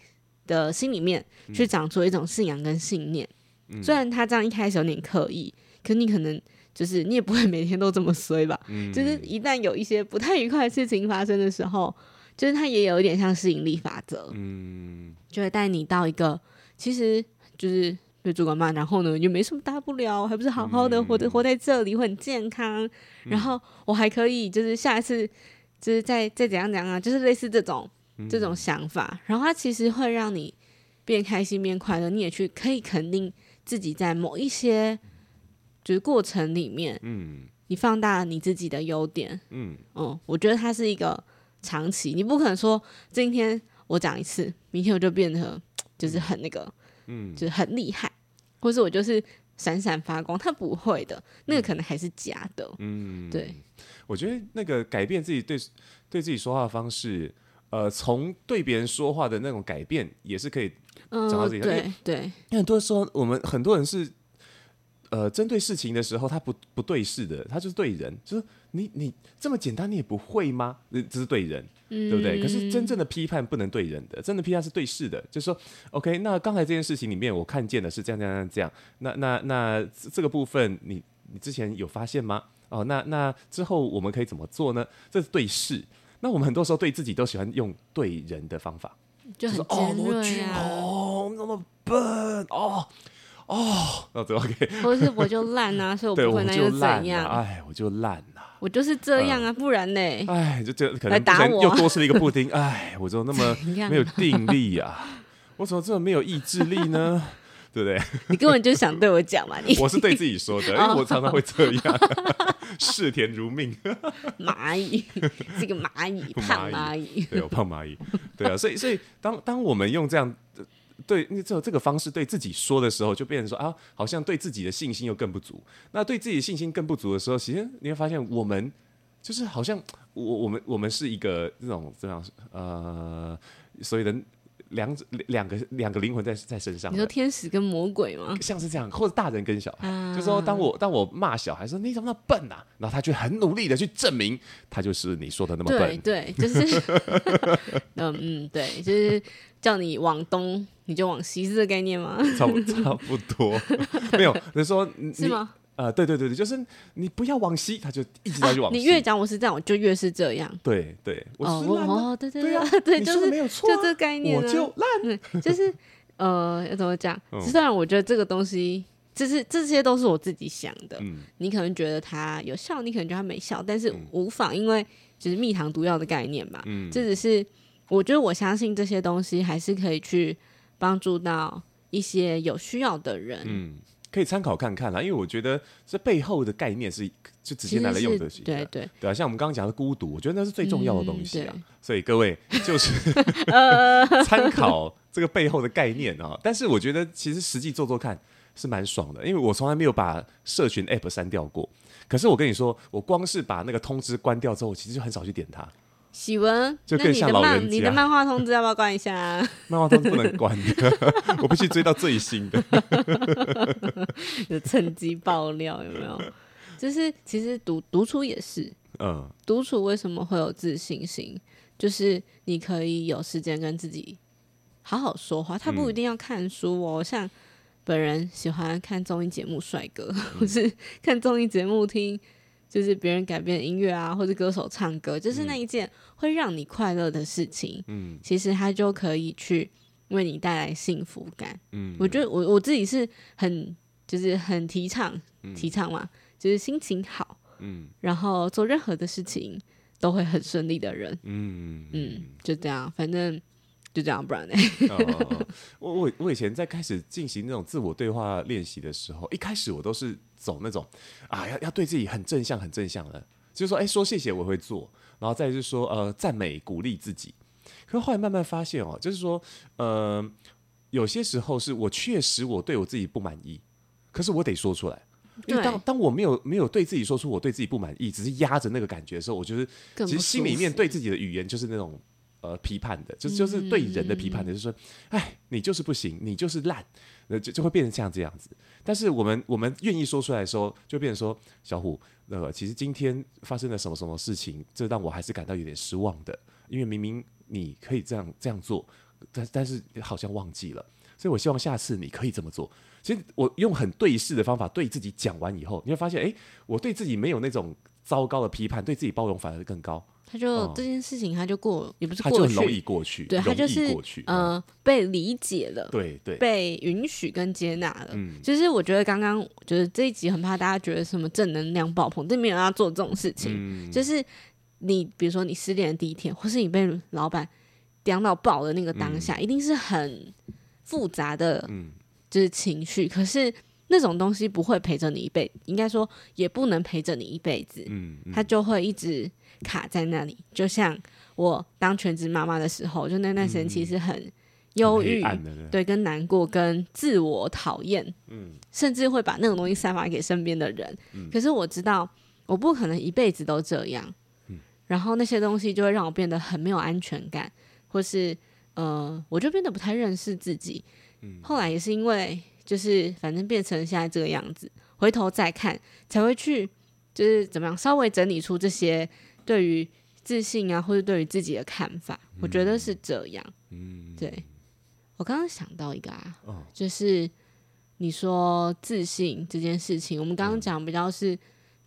的心裡面去長出一種信仰跟信念。嗯，雖然他這樣一開始有點刻意，可你可能就是你也不會每天都這麼衰吧。嗯，就是一旦有一些不太愉快的事情發生的時候，就是它也有一點像吸引力法則。嗯，就會帶你到一個其實就是。被主管罵，然後呢，又沒什麼大不了，還不是好好的活着，嗯嗯、活在這裡，會很健康，嗯、然後我還可以，就是下一次，就是再再怎樣講怎樣啊，就是類似這種、嗯、這種想法，然後它其實會讓你變開心、變快樂，你也去可以肯定自己在某一些就是過程裡面，你放大你自己的優點，嗯嗯，我覺得它是一個長期，你不可能說今天我講一次，明天我就變得就是很那個。嗯嗯，就是很厲害，或是我就是閃閃發光，他不會的，那個可能還是假的。嗯，嗯對，我覺得那個改變自己對對自己說話的方式，呃，從對別人說話的那種改變，也是可以找到自己。對，因為很多時候我們很多人是，呃，針對事情的時候，他不不對事的，他就是對人，就是你你這麼簡單，你也不會嗎？這是對人。對不對？嗯、可是真正的批判不能對人的，真的批判是對事的。就是說，OK，那剛才這件事情裡面我看見的是這樣這樣這樣，那那那這個部分你你之前有發現嗎？哦，那那之後我們可以怎麼做呢？這是對事。那我們很多時候對自己都喜歡用對人的方法，就很尖銳啊！哦，那麼笨哦哦，那 OK，不是我就爛啊，所以我不會，那又怎樣？哎、哦哦哦哦 okay 啊，我就爛。我就是這樣啊，嗯、不然呢？哎，就這可能又多吃了一個布丁，哎我、啊，我就那麼沒有定力呀？啊？怎啊，我怎麼這麼沒有意志力呢？ 對不對？你根本就想對我講嘛。 我是對自己說的，因為我常常會這樣，嗜甜、哦、 如命。 螞蟻，這個螞蟻，胖螞蟻，對，胖螞蟻，對啊，所以所以當當我們用這樣。對，你這這個方式對自己說的時候，就變成說啊，好像對自己的信心又更不足。那對自己的信心更不足的時候，其實你會發現，我們就是好像我我們我們是一個這種這樣呃所謂的。兩兩個兩個靈魂在在身上。你說天使跟魔鬼嗎？像是這樣，或者大人跟小孩，啊、就是說當我當我罵小孩說你怎麼那麼笨啊，然後他就很努力的去證明他就是你說的那麼笨。對對，就是，嗯 嗯，對，就是叫你往東你就往西，是這個概念嗎？差差不多，沒有，就是、說你說是嗎？啊、呃，對對對，對，就是你不要往西，他就一直在去往西。啊。你越講我是這樣，我就越是這樣。對對，我是爛嗎？啊哦哦。對對呀，啊，對，就是沒有錯，就這概念，啊、我就爛。了、嗯。就是呃，要怎麼講？嗯、雖然我覺得這個東西，就是這些都是我自己想的。嗯、你可能覺得它有效，你可能覺得它沒效，但是無妨，嗯、因為就是蜜糖毒藥的概念嘛。嗯，這只是我覺得我相信這些東西還是可以去幫助到一些有需要的人。嗯。可以參考看看啦，因為我覺得這背後的概念是就直接拿來用就行的，對對,對，對啊，像我們剛剛講的孤獨，我覺得那是最重要的東西啊。嗯、所以各位就是參 考這個背後的概念啊， 但是我覺得其實實際做做看是蠻爽的，因為我從來沒有把社群 App 刪掉過。可是我跟你說，我光是把那個通知關掉之後，其實就很少去點它。喜文，那你的漫你的漫畫通知要不要關一下啊？漫畫通知不能關 我必須追到最新的。 有趁機爆料有沒有？就是其實獨獨處也是，嗯，獨處為什麼會有自信心？就是你可以有時間跟自己好好說話，他不一定要看書哦。嗯、像本人喜歡看綜藝節目，帥哥，嗯、或是看綜藝節目聽。就是別人改變音樂啊，或者歌手唱歌，就是那一件會讓你快樂的事情。嗯，其實它就可以去為你帶來幸福感。嗯，我覺得我我自己是很，就是很提倡，提倡嘛，嗯，就是心情好，嗯，然後做任何的事情都會很順利的人。嗯嗯，嗯，嗯，就這樣，反正。就這樣，不然呢？ oh, oh, oh. 我我我以前在開始進行那種自我對話練習的時候，一開始我都是走那種啊，要要對自己很正向、很正向的，就是說，哎，說謝謝我會做，然後再就是說，呃，讚美鼓勵自己。可是後來慢慢發現哦，就是說，呃，有些時候是我確實我對我自己不滿意，可是我得說出來，對因為當當我沒有沒有對自己說出我對自己不滿意，只是壓着那個感覺的時候，我覺得其實心裡面對自己的語言就是那種。呃，批判的，就是就是對人的批判的，嗯、就是說，哎，你就是不行，你就是爛，那就就會變成像這樣子。但是我們我們願意說出來說，說就變成說小虎，那個、呃、其實今天發生了什麼什麼事情，這讓我還是感到有點失望的。因為明明你可以這樣這樣做，但是但是好像忘記了，所以我希望下次你可以這麼做。其實我用很對視的方法對自己講完以後，你會發現，哎，我對自己沒有那種糟糕的批判，對自己包容反而更高。他就、哦、這件事情，他就過，也不是過去了。對，他就是嗯、呃、被理解了，被允許跟接納了。嗯、就是我覺得剛剛，就是覺得這一集很怕大家覺得什麼正能量爆棚，但沒有人要做這種事情。嗯、就是你比如說你失戀的第一天，或是你被老板釘到爆的那個當下，嗯、一定是很複雜的，就是情緒。可是。那種東西不會陪着你一輩子，應該說也不能陪着你一輩子，嗯嗯、它他就會一直卡在那裡。就像我當全職媽媽的時候，就那段時間其實很憂鬱，嗯、對，跟難過，跟自我討厭，嗯、甚至會把那種東西散發給身邊的人。嗯、可是我知道，我不可能一輩子都這樣，嗯、然後那些東西就會讓我變得很沒有安全感，或是呃，我就變得不太認識自己，嗯、後來也是因為。就是反正變成現在這個樣子，回頭再看才會去，就是怎麼樣稍微整理出這些對於自信啊，或者對於自己的看法，嗯、我覺得是這樣。嗯，對嗯，我剛剛想到一個啊，哦、就是你說自信這件事情，我們剛剛講比較是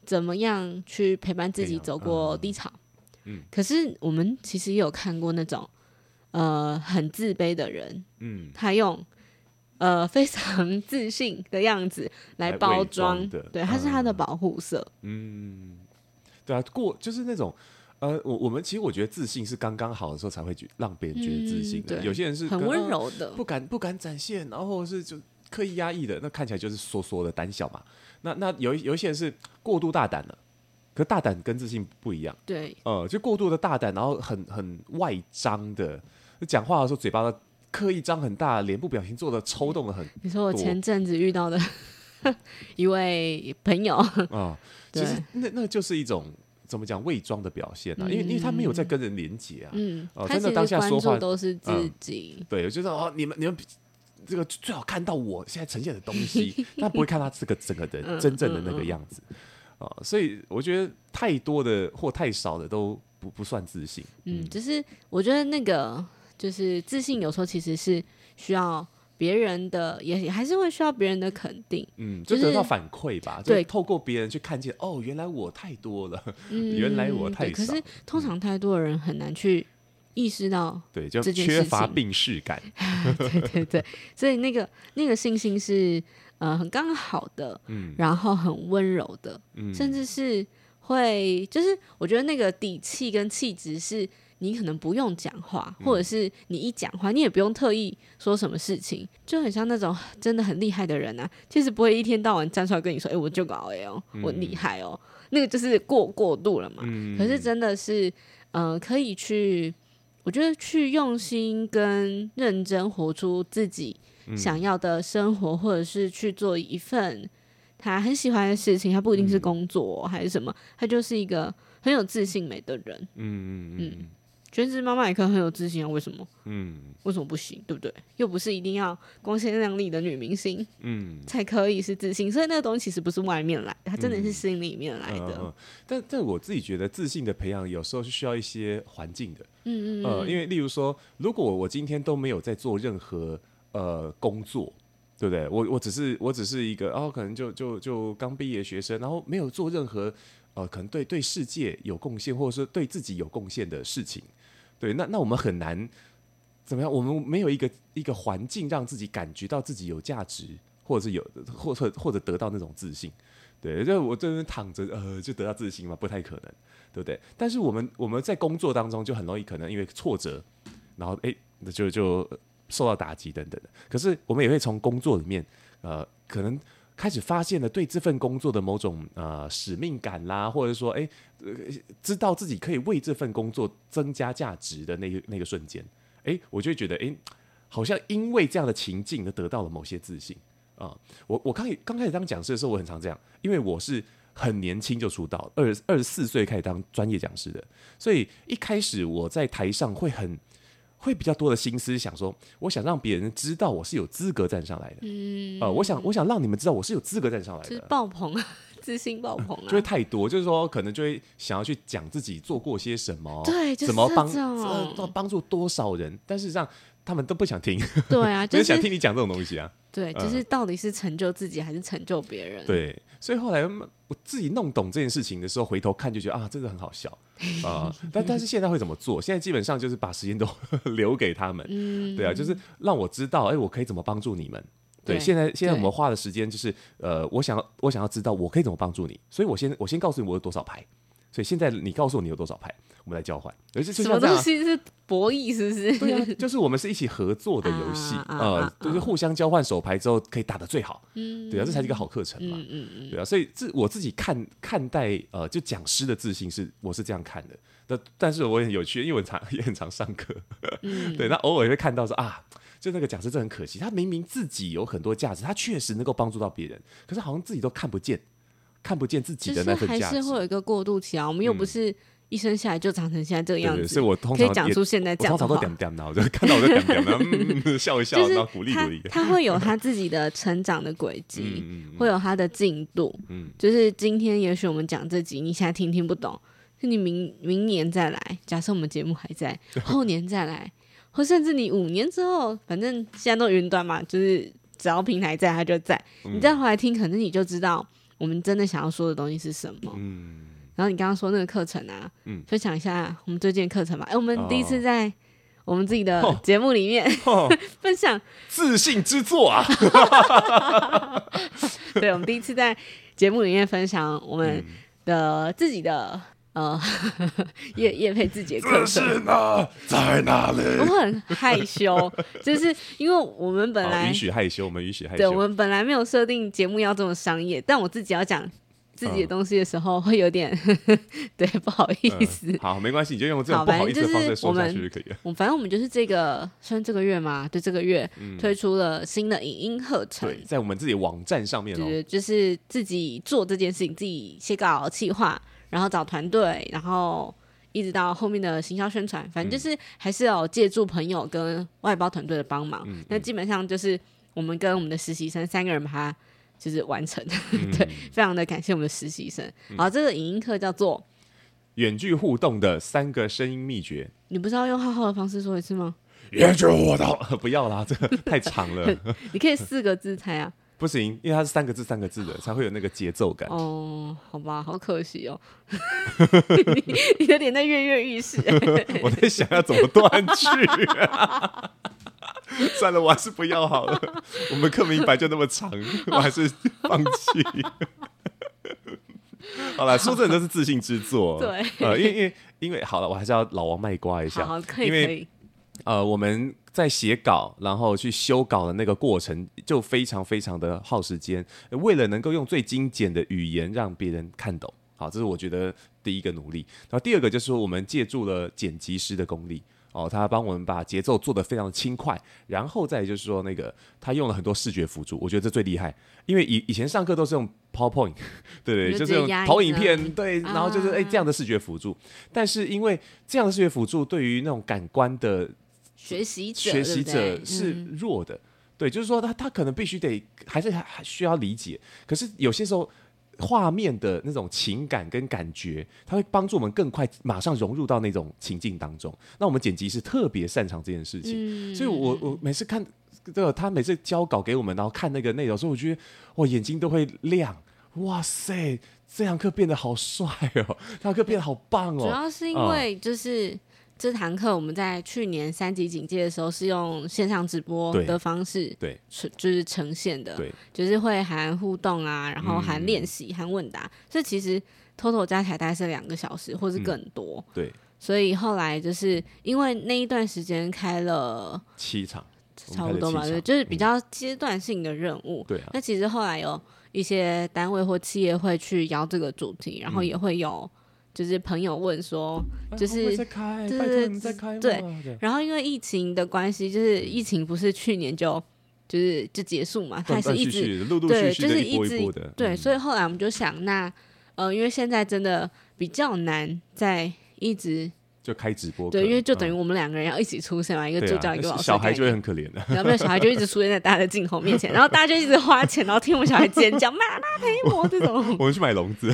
怎麼樣去陪伴自己走過低潮嗯。嗯，嗯，可是我們其實也有看過那種呃很自卑的人，嗯，他用。呃，非常自信的樣子來包裝的，對，它是它的保護色嗯。嗯，對啊，過就是那種，呃，我我們其實我覺得自信是剛剛好的時候才會去讓別人覺得自信的。嗯，有些人是很溫柔的，不敢不敢展現，然後是就刻意壓抑的，那看起來就是縮縮的膽小嘛。那那有一有一些人是過度大膽的，可大膽跟自信不一樣，對，呃，就過度的大膽，然後很很外張的，講話的時候嘴巴。刻意張很大，臉部表情做的抽動的很。你說我前陣子遇到的 一位朋友啊、 哦，其、就、實、是、那那就是一種怎麼講偽裝的表現啊，嗯、因為因為他沒有在跟人連接啊，嗯，哦、他 真的當下說話都是自己，嗯、對，就是哦，你們你們這個最好看到我現在呈現的東西，他 不會看他這個整個的、 嗯、真正的那個樣子、哦、所以我覺得太多的或太少的都不不算自信，嗯，只、嗯就是我覺得那個。就是自信，有時候其實是需要別人的，也也還是會需要別人的肯定。嗯，就得到反饋吧。就是、對，透過別人去看見，哦，原來我太多了，嗯、原來我太少。可是通常太多的人很難去意識到、嗯，對，就缺乏病識感。 對對對，所以那個那個信心是呃很剛好的，嗯，然後很溫柔的，嗯，甚至是會就是我覺得那個底氣跟氣質是。你可能不用講話，或者是你一講話，你也不用特意說什麼事情，就很像那種真的很厲害的人啊，其實不會一天到晚站出來跟你說：“哎、欸，我就搞 AI 哦，我厲害哦、喔。”那個就是過過度了嘛。可是真的是，嗯、呃，可以去，我覺得去用心跟認真活出自己想要的生活，或者是去做一份他很喜歡的事情，他不一定是工作還是什麼，他就是一個很有自信美的人。嗯嗯。全職媽媽也可以很有自信啊。為什麼？嗯，為什麼不行？對不對？又不是一定要光鮮亮麗的女明星，嗯，才可以是自信。所以那個東西其實不是外面來，它真的是心裡面來的。嗯嗯嗯嗯，但但我自己覺得自信的培養有時候是需要一些環境的。嗯嗯嗯。呃，因為例如說，如果我今天都沒有在做任何呃工作，對不對？我我只是我只是一個，然後，哦，可能就就就剛畢業的學生，然後沒有做任何呃可能對對世界有貢獻，或者說對自己有貢獻的事情。對，那那我們很難怎麼樣？我們沒有一個一個環境讓自己感覺到自己有價值，或者是有，或者或者得到那種自信。對，就我這邊躺着，呃，就得到自信嘛，不太可能，對不對？但是我們我們在工作當中就很容易可能因為挫折，然後哎，那就就受到打擊等等的。可是我們也會從工作裡面，呃，可能開始發現了對這份工作的某種呃使命感啦，或者說哎。誒知道自己可以為這份工作增加價值的那個、那個瞬間，哎、欸，我就會覺得，哎、欸，好像因為這樣的情境而得到了某些自信啊、呃。我我剛剛開始當講師的時候，我很常這樣，因為我是很年輕就出道，二二十四歲開始當專業講師的，所以一開始我在台上會很會比較多的心思想說，我想讓別人知道我是有資格站上來的，嗯、呃，我想我想讓你們知道我是有資格站上來的，爆棚。自信爆棚了、啊，就會太多，就是說可能就會想要去講自己做過些什麼，對，就是、怎麼幫，幫幫助多少人，但事實上他們都不想聽，對啊、就是呵呵，就是想聽你講這種東西啊，對，就是到底是成就自己還是成就別人、呃，對，所以後來我自己弄懂這件事情的時候，回頭看就覺得啊，真的很好笑啊，但、 呃、但是現在會怎麼做？現在基本上就是把時間都留給他們，嗯、對啊，就是讓我知道，哎，我可以怎麼幫助你們。對，現在現在我們花的時間就是，呃，我想要我想要知道我可以怎麼幫助你，所以我先我先告訴你我有多少牌，所以現在你告訴我你有多少牌，我們來交換。而且、啊、什麼東西是博弈，是不是、啊？就是我們是一起合作的遊戲， 啊啊啊、呃，就是互相交換手牌之後可以打得最好。嗯，對啊，這才是一個好課程嘛。嗯嗯，嗯對啊，所以自我自己看看待呃，就講師的自信是我是這樣看的。但但是我也很有趣，因為我常也，也很常上課，嗯、 對，那偶爾也會看到說啊。就那個假設，這很可惜。他明明自己有很多價值，他確實能夠幫助到別人，可是好像自己都看不見，看不見自己的那個價值。就是還是會有一個過渡期啊，我們又不是一生下來就長成現在這個樣子，嗯、對對對，所以我通常講出現在講，我我通常都點點的，我就看到我就點點的, 嗯、笑一笑，就是，然後鼓勵鼓勵他，他會有他自己的成長的軌跡， 嗯嗯嗯、會有他的進度。嗯、就是今天也許我們講這集，你現在聽聽不懂，嗯、是你明明年再來，假設我們節目還在，後年再來。 或甚至你五年之後，反正現在都雲端嘛，就是只要平台在，它就在。嗯、你再回來聽，可能你就知道我們真的想要說的東西是什麼。嗯、然後你剛剛說那個課程啊，分享、嗯、一下我們最近的課程吧。哎、欸，我們第一次在我們自己的節目裡面分享、哦哦哦、自信之作啊。 對，我們第一次在節目裡面分享我們的自己的。呃，業 業配自己的課程。這是哪在哪裡？我很害羞， 就是因為我們本來允許害羞，我們允許害羞。對，我們本來沒有設定節目要這麼商業，但我自己要講自己的東西的時候，會有點、呃、 對不好意思。呃、好，沒關係，你就用這種不好意思的方式說下去就可以了。反正就是我,們我們反正我們就是這個，算這個月嘛，對，這個月推出了新的影音課程、嗯，在我們自己的網站上面哦，就是,就是自己做這件事情，自己寫稿企、企劃。然後找團隊，然後一直到後面的行銷宣傳，反正就是還是要借助朋友跟外包團隊的幫忙。那、嗯嗯、基本上就是我們跟我們的實習生三個人把它就是完成。嗯、 對，非常的感謝我們的實習生。嗯、好，這個影音課叫做遠距互動的三個聲音秘訣。你不是要用 HowHow 的方式說一次嗎？遠距互動，不要啦，這個太長了。 你可以四個字猜啊。不行，因為它是三個字三個字的，才會有那個節奏感。哦，好吧，好可惜哦。你有點在躍躍欲試。我在想，要怎麼斷句啊？ 算了，我還是不要好了。 我們課名白就那麼長， 我還是放棄。 好了，說真的，都是自信之作。 對，呃，因為因為因為好了，我還是要老王賣瓜一下，好可以因為。呃，我們在寫稿，然後去修稿的那個過程就非常非常的耗時間。為了能夠用最精簡的語言讓別人看懂，好，這是我覺得第一個努力。然後第二個就是說，我們借助了剪輯師的功力，哦，他幫我們把節奏做得非常輕快，然後再就是說那個他用了很多視覺輔助，我覺得這最厲害。因為以以前上課都是用 PowerPoint，對對，就是用投影片，對，然後就是誒，這樣的視覺輔助。啊、但是因為這樣的視覺輔助對於那種感官的。學習者，學習者是弱的，嗯、對，就是說他他可能必須得還是還需要理解，可是有些時候畫面的那種情感跟感覺，他會幫助我們更快馬上融入到那種情境當中。那我們剪輯是特別擅長這件事情，嗯、所以我我每次看這個，他每次交稿給我們，然後看那個內容，所以我覺得我眼睛都會亮，哇塞，這堂課變得好帥哦，這堂課、嗯、變得好棒哦，主要是因為就是。嗯這堂課我們在去年三級警戒的時候是用線上直播的方式，對，對，是、呃、就是呈現的，對就是會含互動啊，然後含練習、嗯、含問答，這其實 total 加起來大概是兩個小時，或是更多，嗯、所以後來就是因為那一段時間開了七場，差不多嘛，就是比較階段性的任務，嗯啊、那其實後來有一些單位或企業會去邀這個主題，然後也會有。就是朋友問說，就是對是對，然後因為疫情的關係，就是疫情不是去年就就是就結束嘛，還是一直對，陸陸續續的，就是一直對，所以後來我們就想，那呃，因為現在真的比較難，在一直就開直播，對，因為就等於我們兩個人要一起出現嘛，一個助教，一個老師，小孩就會很可憐的，有沒有小孩就一直出現在大家的鏡頭面前，然後大家就一直花錢，然後聽我們小孩尖叫，媽媽陪我這種，我們去買籠子。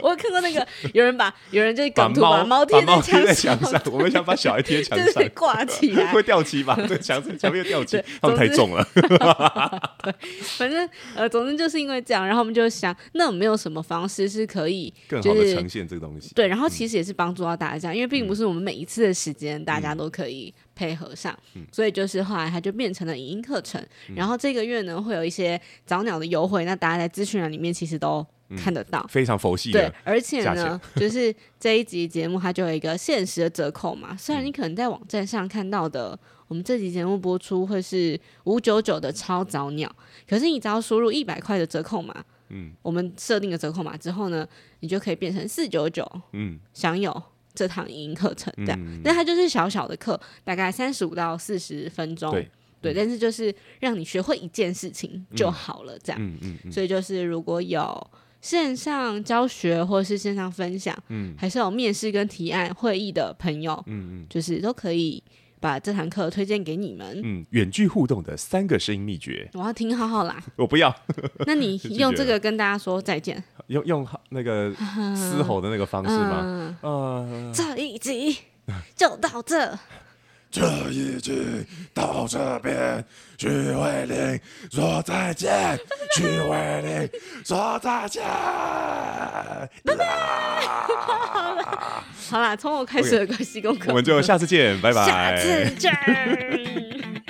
我有看過那個，有人把有人就是把貓把貓貼在牆上，我們想把小孩貼牆上，掛起來，會掉漆吧？這牆牆面掉漆，他們太重了。反正呃，總之就是因為這樣，然後我們就想，那我們有什麼方式是可以更好的呈現這個東西？對，然後其實也是幫助到大家，因為並不是我們每一次的時間大家都可以配合上，所以就是後來它就變成了影音課程。然後這個月呢，會有一些早鳥的優惠，那大家在諮詢欄裡面其實都。嗯、看得到，非常佛系對，而且呢，下錢 就是這一集節目，它就有一個限時的折扣嘛。雖然你可能在網站上看到的，我們這集節目播出會是五九九的超早鳥，可是你只要輸入一百塊的折扣碼，嗯，我們設定的折扣碼之後呢，你就可以變成四九九，嗯，享有這堂影音課程這樣。那、嗯、它就是小小的課，大概三十五到四十分鐘，對，對嗯、但是就是讓你學會一件事情就好了這樣。嗯嗯嗯嗯、所以就是如果有線上教學，或是線上分享，嗯，還是有面試跟提案會議的朋友，嗯嗯，就是都可以把這堂課推薦給你們，嗯，遠距互動的三個聲音秘訣，我要聽 HowHow 啦， 我不要， 那你用這個跟大家說再見， 用用那個嘶吼的那個方式嗎？嗯、呃，呃、這一集就到這。 這一句到這邊，徐慧玲說再見， 徐慧玲說再見。拜、啊、 好了，好了，從我開始的國戲功課，okay. 我們就下次見，拜拜。 下次見。